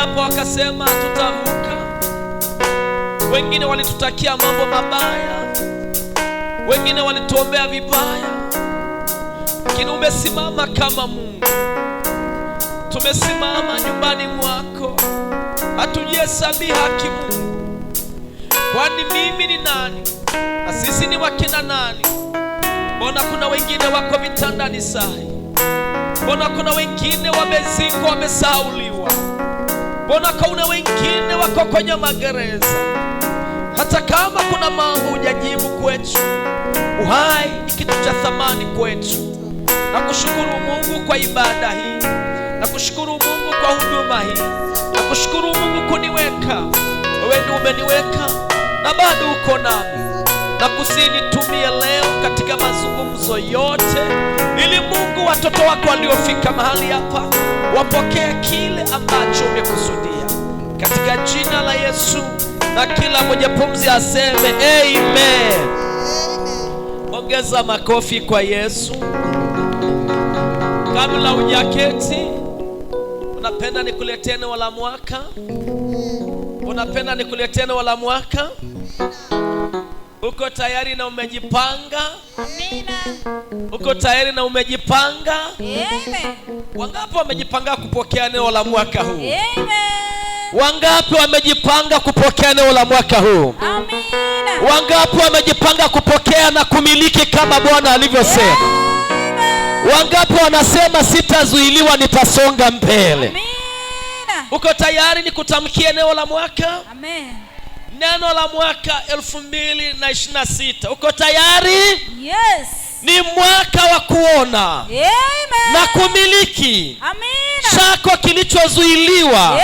japo wakasema tutavuka, wengine walitutakia mambo mabaya, wengine walituombea vibaya, lakini umesimama kama Mungu. Tumesimama nyumbani mwako, hatujihesabia haki Mungu, kwani mimi ni nani na sisi ni wakina nani? Mbona kuna wengine wako vitandani sahi? Mbona kuna wengine wamezikwa, wamesauliwa Mbona kauna wengine wako kwenye magereza, hata kama kuna mahu ujajimu kwetu. Uhai ni kitu cha thamani kwetu. Nakushukuru Mungu kwa ibada hii, nakushukuru Mungu kwa huduma hii, nakushukuru Mungu kuniweka wewe, ndiye umeniweka na bado uko nami, na kusinitumie leo katika mazungumzo yote, ili Mungu watoto wako waliofika mahali hapa wapokee kile ambacho umekusudia katika jina la Yesu, na kila mmoja pumzi aseme amen. Ongeza makofi kwa Yesu. Kabla hujaketi, unapenda nikuletee neno la mwaka? Unapenda nikuletee neno la mwaka? Uko tayari na umejipanga? Amina. Uko tayari na umejipanga? Amen. Wangapi wamejipanga kupokea neno la mwaka huu? Amen. Wangapi wamejipanga kupokea neno la mwaka huu? Amina. Wangapi wamejipanga kupokea na kumiliki kama Bwana alivyosema? Wangapi wanasema sitazuiliwa, nitasonga mbele? Amina. Uko tayari nikutamkie neno la mwaka? Amen neno la mwaka elfu mbili na ishirini na sita uko tayari? Yes. Ni mwaka wa kuona Amen. na kumiliki Amina. chako kilichozuiliwa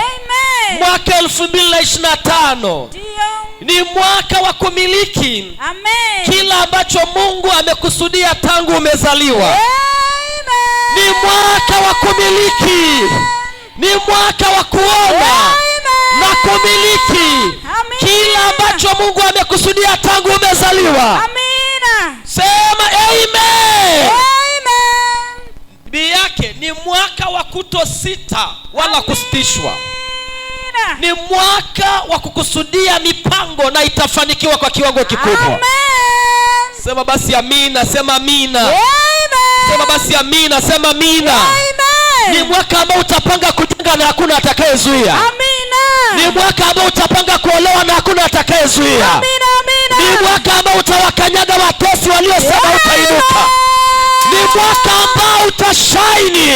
mwaka elfu mbili na ishirini na tano ni mwaka wa kumiliki Amen. kila ambacho Mungu amekusudia tangu umezaliwa Amen. ni mwaka wa kumiliki ni mwaka wa kuona Amen na kumiliki kila ambacho mungu amekusudia tangu umezaliwa Amina. sema amen. Amen. yake ni mwaka wa kutosita wala kusitishwa ni mwaka wa kukusudia mipango na itafanikiwa kwa kiwango kikubwa sema basi amina sema amina Amen. sema basi amina sema amina Amen. ni mwaka ambao utapanga kujenga na hakuna atakayezuia Amen ni mwaka ambao utapanga kuolewa na hakuna atakayezuia. Ni mwaka ambao utawakanyaga watesi waliosema utainuka. Ni mwaka ambao utashaini,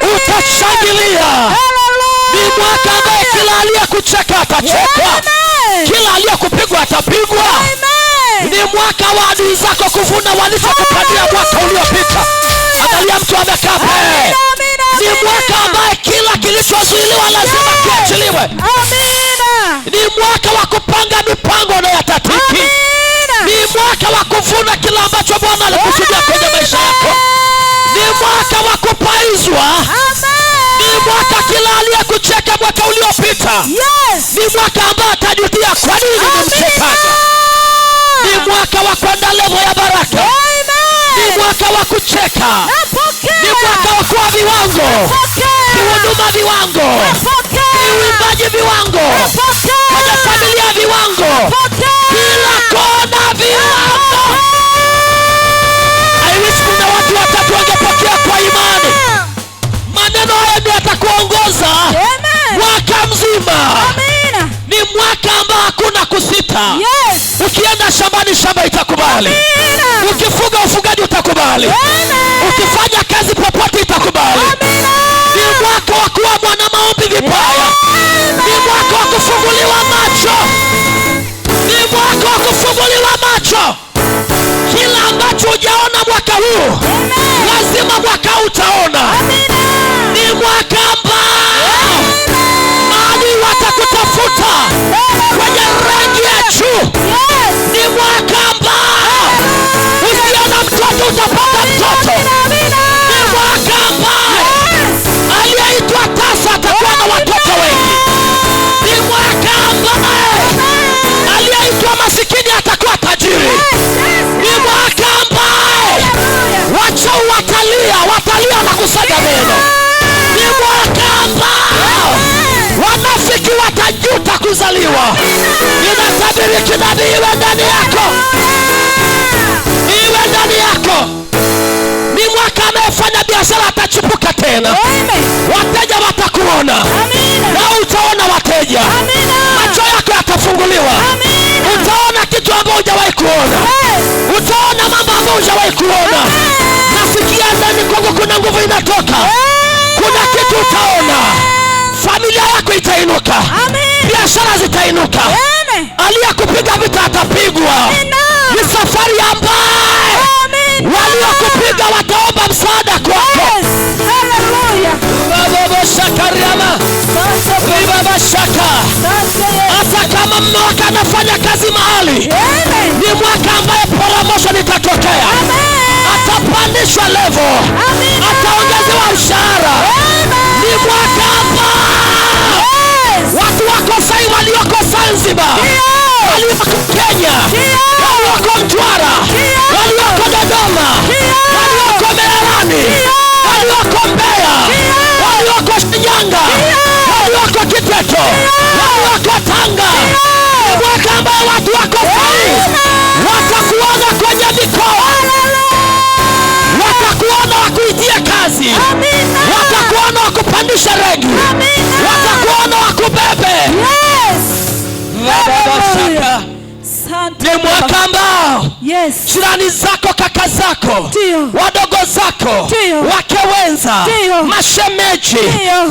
utashangilia. Ni mwaka ambao kila aliyekucheka atachekwa, kila aliyekupigwa atapigwa. Ni mwaka wa adui zako kuvuna walichokupandia mwaka uliopita. Angalia mtu amekaa ni mwaka ambaye kila kilichozuiliwa lazima kiachiliwe ni mwaka wa kupanga mipango yatatiki. ni mwaka wa kuvuna kila ambacho bwana alikusudia kwenye maisha yako ni mwaka wa kupaizwa ni mwaka kila aliyekucheka mwaka uliopita yes. ni mwaka ambaye atajutia kwa nini nimchekaga ni mwaka wa kwenda levo ya baraka Amen. ni mwaka wa kucheka Amen ni kuwataokoa viwango kihuduma viwango kiuimbaji viwango kwenye familia viwango itakubali. Ukifanya kazi popote itakubali. Ni mwaka wa kuwa mwana maombi vipaya, ni mwaka wa kufunguliwa macho, ni mwaka wa kufunguliwa macho. Kila ambacho hujaona mwaka huu, lazima mwaka utaona. Ni mwaka ambao maadui watakutafuta kwenye rangi ya juu. Ni mwaka ambao watu utapata mtoto ni mwaka ambaye aliyeitwa tasa atakuwa na watoto wengi ni mwaka ambaye aliyeitwa masikini atakuwa tajiri ni mwaka ambaye wachau watalia watalia na kusaga meno ni mwaka ambao wanafiki watajuta kuzaliwa inatabiri kinaniiwe ndani yako wafanya biashara atachipuka tena, wateja watakuona na utaona wateja, macho yako yatafunguliwa, utaona kitu ambao hujawahi kuona, utaona mambo ambao hujawahi kuona. Nasikia ndani kwangu kuna nguvu inatoka, kuna kitu utaona, familia yako itainuka, biashara zitainuka, aliyekupiga vita atapigwa. Ni safari ambayo waliokupiga wataomba msaada kwako. Hata kama mwaka anafanya kazi mahali, ni mwaka ambaye poromosho litatokea atapandishwa levo, ataongezewa mshahara. Ni mwaka ambao watu wako sai walioko Zanzibar walioko Kenya, walioko Mtwara, walioko Dodoma, walioko Mererani, walioko Mbeya, walioko Shinyanga, walioko Kiteto, walioko Tanga, mwaka ambao watu wako hai watakuona kwenye mikoa, watakuona wakuitie kazi, watakuona wakupandisha regi, watakuona wakubebe. Yes mwaka ambao yes. jirani zako, kaka zako, wadogo zako, wake wenza, mashemeji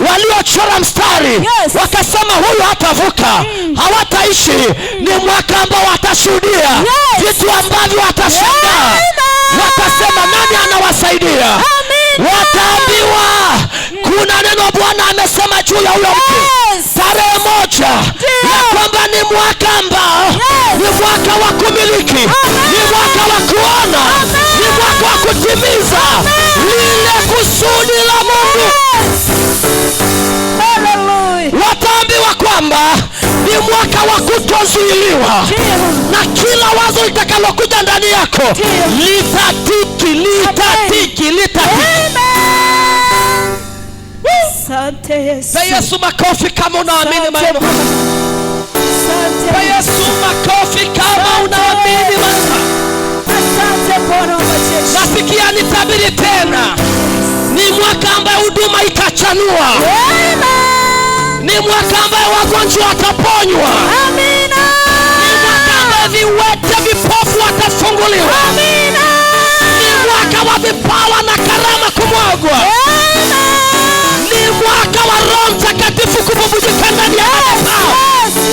waliochora mstari yes. wakasema huyu hatavuka mm. hawataishi mm. ni mwaka ambao watashuhudia vitu yes. ambavyo watashangaa yeah. watasema nani anawasaidia? wataambiwa mm. kuna neno Bwana amesema juu ya huyo mtu tarehe moja ya kwamba ni mwaka ambao ni mwaka wa kumiliki, ni mwaka wa kuona, ni mwaka wa kutimiza lile kusudi la Mungu. Wataambiwa kwamba ni mwaka wa kutozuiliwa, na kila wazo litakalokuja ndani yako litatiki, litatiki, litatiki. Asante Yesu. Pe Yesu makofi kama unaamini maneno. haya. Asante. Pe Yesu makofi kama unaamini maneno. Asante Bwana wa majeshi. Nasikia nitabiri tena. Ni mwaka ambaye huduma itachanua. Amen. Ni mwaka ambaye wagonjwa wataponywa. Amina. Ni mwaka ambaye viwete vipofu watafunguliwa. Amina. Ni mwaka wa vipawa na karama kumwagwa. Amen mwaka wa Roho Mtakatifu kupumzika ndani ya madhabahu.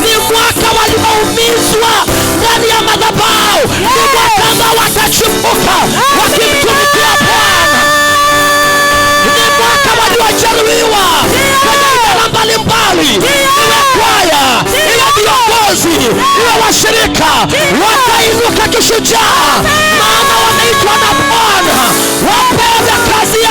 Ni mwaka walioumizwa ndani ya madhabahu. Ni mwaka ambao watachipuka wakimtumikia Bwana. Ni mwaka waliojeruhiwa kwenye idara mbalimbali, iwe kwaya, iwe viongozi, iwe washirika, watainuka kishujaa, maana wanaitwa na Bwana, wapenda kazi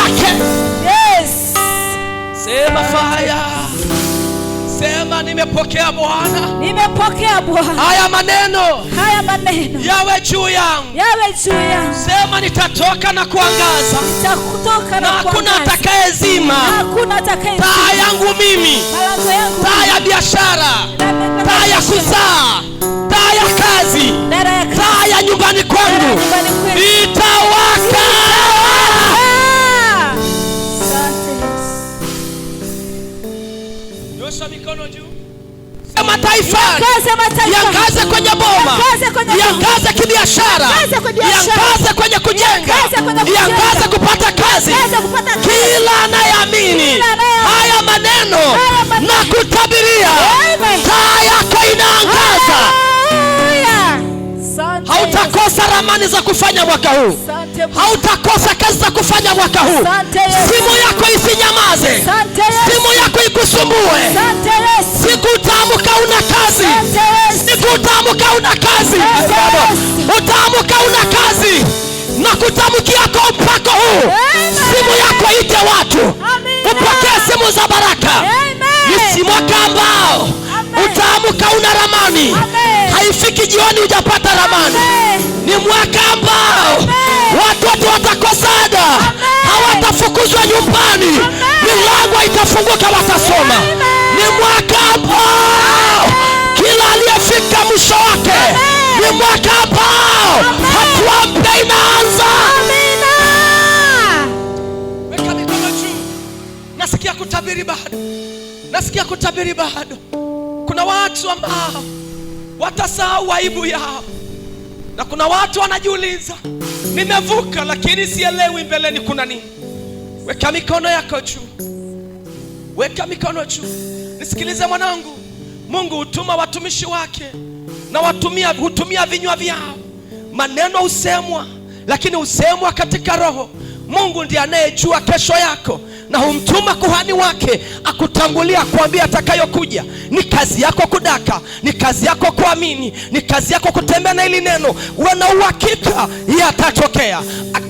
Nimepokea Bwana, nimepokea Bwana, haya maneno, haya maneno yawe juu yangu, yawe juu yangu. Sema nitatoka na kuangaza, nitakutoka na hakuna atakayezima taa yangu mimi, taa ya biashara, taa ya kuzaa, taa ya kazi, taa ya nyumbani kwangu nitawaka mataifa yangaze kwenye boma, yangaze kibiashara, yangaze kwenye kujenga, yangaze kupata kazi. Kila anayeamini haya maneno na kutabiria, taa yako inaangaza. Hautakosa ramani za kufanya mwaka huu, hautakosa kazi za kufanya mwaka huu. Simu yako isinyamaze, simu yako ikusumbue. Siku utaamka una kazi, siku utaamka una kazi, utaamka una kazi na kutamkia kwa upako huu. Simu yako ite watu upokee simu za baraka. Ni mwaka ambao utaamka una ramani. Haifiki jioni hujapata ramani. Ni mwaka ambao watoto watakosa ada, hawatafukuzwa nyumbani, milango itafunguka, watasoma. Ni mwaka ambao kila aliyefika mwisho wake, ni mwaka ambao hatua mpya inaanza. Weka mikono juu. Nasikia kutabiri bado, nasikia kutabiri bado. Kuna watu ambao watasahau aibu yao, na kuna watu wanajiuliza, nimevuka lakini sielewi mbeleni kuna nini. Weka mikono yako juu, weka mikono juu. Nisikilize mwanangu, Mungu hutuma watumishi wake na watumia hutumia vinywa vyao. Maneno husemwa, lakini husemwa katika roho. Mungu ndiye anayejua kesho yako na humtuma kuhani wake akutangulia kuambia atakayokuja. Ni kazi yako kudaka, ni kazi yako kuamini, ni kazi yako kutembea na hili neno. Wana uhakika yatachokea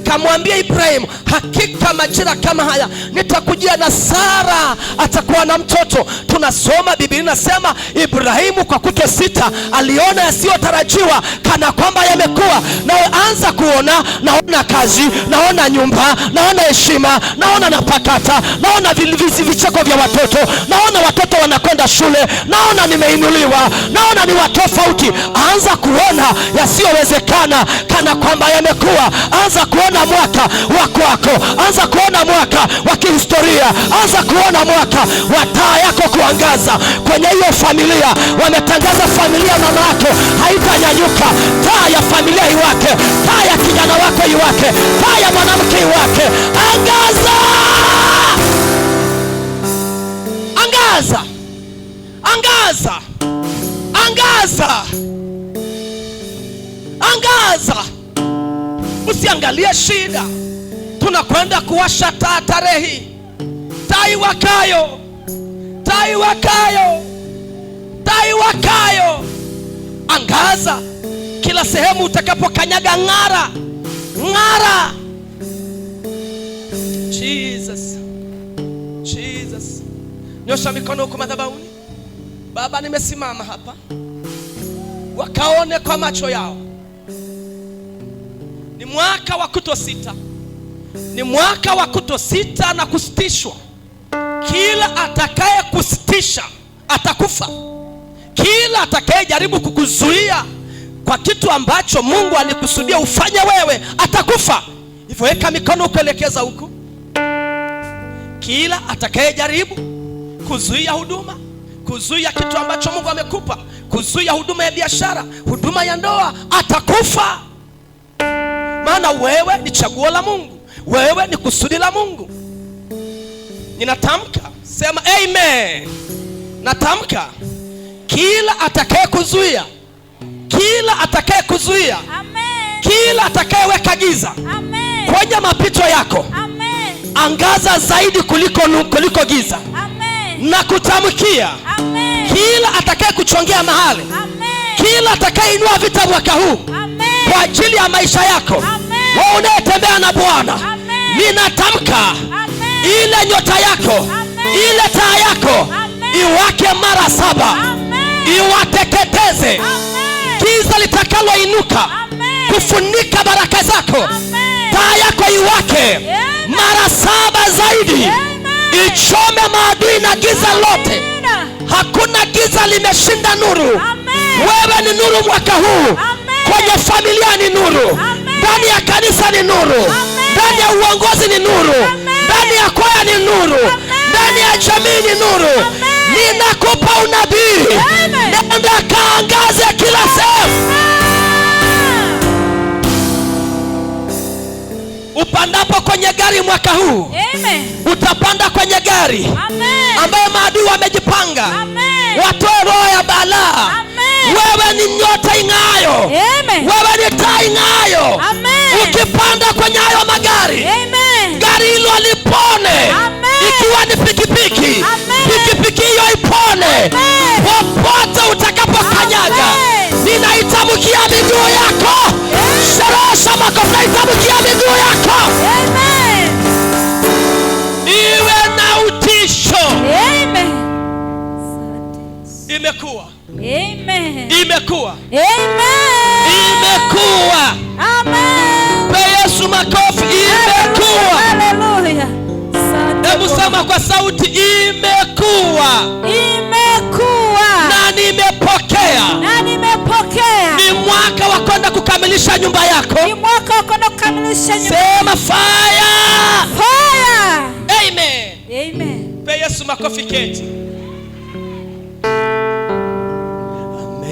nikamwambia Ibrahim, hakika majira kama haya nitakujia na Sara atakuwa na mtoto. Tunasoma Biblia inasema Ibrahimu kwa sita aliona yasiyotarajiwa kana kwamba yamekuwa. Nawe anza kuona, naona kazi, naona nyumba, naona heshima, naona napakata, naona vivizi, vicheko vya watoto, naona watoto wanakwenda shule, naona nimeinuliwa, naona ni watofauti. Anza kuona yasiyowezekana kana kwamba yamekuwa. Anza kuona kuona mwaka wa kwako, anza kuona mwaka wa kihistoria, anza kuona mwaka wa taa yako kuangaza kwenye hiyo familia. Wametangaza familia mama yako haitanyanyuka, taa ya familia iwake, taa ya kijana wako iwake, taa ya mwanamke iwake. Angaza, angaza, angaza, angaza, angaza. Usiangalie shida. Tunakwenda kuwasha taa tarehi, tai wakayo tai wakayo tai wakayo. Angaza kila sehemu utakapokanyaga, ng'ara, ng'ara. Jesus, Jesus. Nyosha mikono huko madhabahuni. Baba, nimesimama hapa, wakaone kwa macho yao ni mwaka wa kutosita, ni mwaka wa kutosita na kusitishwa. Kila atakaye kusitisha atakufa. Kila atakayejaribu kukuzuia kwa kitu ambacho Mungu alikusudia ufanye wewe atakufa. Hivyo weka mikono kuelekeza huku. Kila atakayejaribu kuzuia huduma, kuzuia kitu ambacho Mungu amekupa, kuzuia huduma ya biashara, huduma ya ndoa, atakufa maana wewe ni chaguo la Mungu, wewe ni kusudi la Mungu. Ninatamka sema amen. Natamka kila atakaye kuzuia, kila atakaye kuzuia, amen. Kila atakayeweka giza, amen, kwenye mapito yako, amen, angaza zaidi kuliko kuliko giza, amen. Na kutamkia, amen, kila atakaye kuchongea mahali, amen, kila atakayeinua vita mwaka huu, amen, kwa ajili ya maisha yako, amen wewe unayetembea na Bwana, ninatamka ile nyota yako Amen. ile taa yako Amen. iwake mara saba Amen. iwateketeze giza litakaloinuka kufunika baraka zako, taa yako iwake Amen. mara saba zaidi Amen. ichome maadui na giza lote. Hakuna giza limeshinda nuru Amen. wewe ni nuru mwaka huu Amen. kwenye familia ni nuru ndani ya kanisa ni nuru, ndani ya uongozi ni nuru, ndani ya kwaya ni nuru, ndani ya jamii ni nuru. Ninakupa unabii, nenda kaangaze kila sehemu. Upandapo kwenye gari mwaka huu Utapanda kwenye gari ambayo maadui wamejipanga watoe roho ya balaa. Wewe ni nyota ing'ayo, wewe ni taa ing'ayo. Alipanda kwenye hayo magari Amen. Gari hilo lipone Ikiwa ni pikipiki pikipiki hiyo ipone popote utakapokanyaga. Ninaitamkia miguu yako, Sherosha makofi, naitamkia miguu yako Amen. Iwe na utisho Amen. Imekuwa Amen. Imekuwa Amen. kwa sauti, imekuwa, imekuwa na nimepokea, na nimepokea. Ni mwaka wa kwenda kukamilisha nyumba yako, ni mwaka wa kwenda kukamilisha nyumba. Sema fire, fire. Amen. Amen. Pe Yesu makofi, keti.